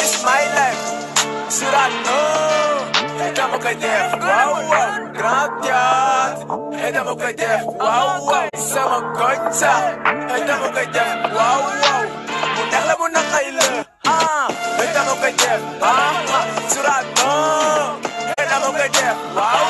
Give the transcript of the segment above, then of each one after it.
This my life. Should I know? Et dama koy def waaw waaw. Grand Théâtre. Et dama koy def waaw waaw. Sama koñ sax. Et Mu neex la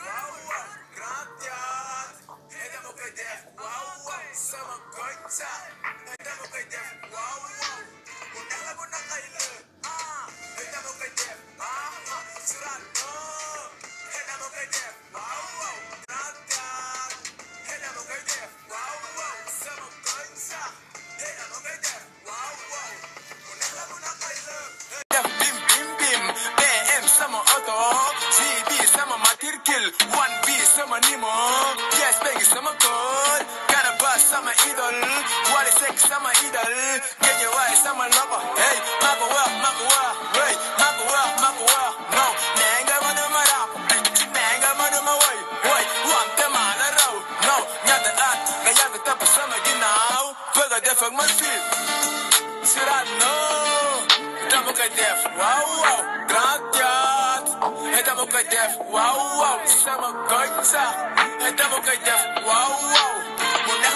ça ay dama koy def waaw waaw bu neex la bu naqay la ah ay dama koy def ah ah sural non ay dama koy def waaw waaw naataar ay dama koy def waaw waaw sama koñ sax ay dama koy def waaw waaw bu neex la bu naqay la def bim bim bim BM sama oto GB sama matricule 1B sama numéro yes bengi sama code Ba sama idol, wali sek sama idol, genye wai sama lobo. Hey, mako wa, mako wa, hey, mako wa, mako wa, no. Nenga mano marap, nenga mano mawai, wai, wante mana rau, no. Nyata at, gaya vitapa sama ginaw, pega defag mansi. Sirano, tamo kay def, wow wow, grand yacht, hey tamo def, wow wow, sama koitsa, hey tamo kay def, wow wow.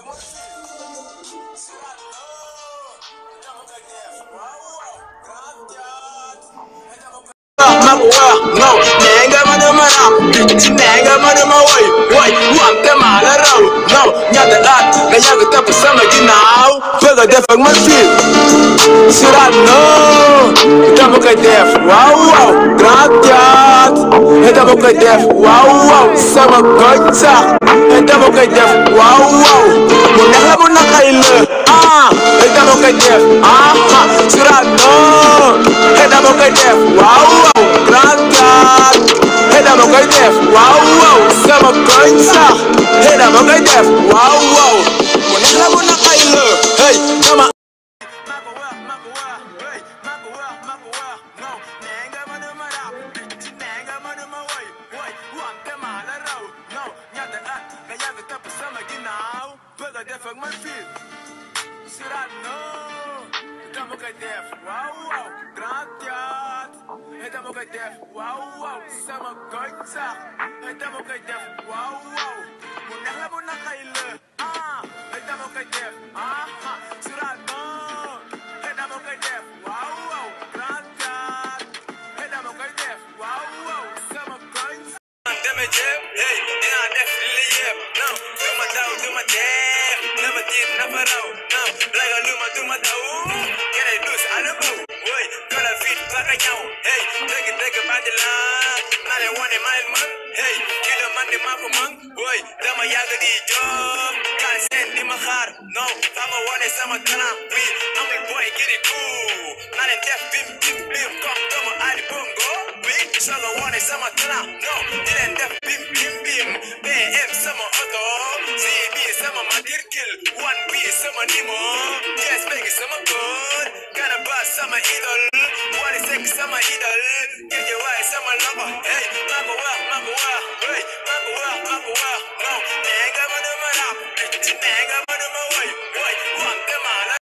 Nanga mara mawai, wai, wanka mara rau, rau, nyada at, na yaga tapa sama ginau, pega defa masil, sirat no, tamo kai def, wow, wow, dama koy def waaw waaw sama koñ def waaw waaw mu neex la mu naqari la ah dama koy def ah ah sura non dama koy def waaw waaw grand gars dama koy def waaw waaw sama koñ sax dama koy def waaw. nga def ak man fii Cyrano dama koy def waaw waaw Grand Théâtre dama koy def waaw sama koñ sax dama koy def waaw dafa raw naam ragaluma duma daw kere dus a baw woy kala fit baka ñaw hey dëgg dëgg badi la na ne wone may man hey ki la man di ma ko man woy dama yàgg di job ka seen di ma xaar no dama wone sama kanam bi amul boy giri na ne def bim bim bim comme dama ali bongo bi solo wone sama kanam no di leen def bim bim bim bm sama oto si bi sama madirkil one bi sama nimo yes bang sama god gana ba sama idol wali sek sama idol jeje waay sama loxo hey mako wa mako wa hey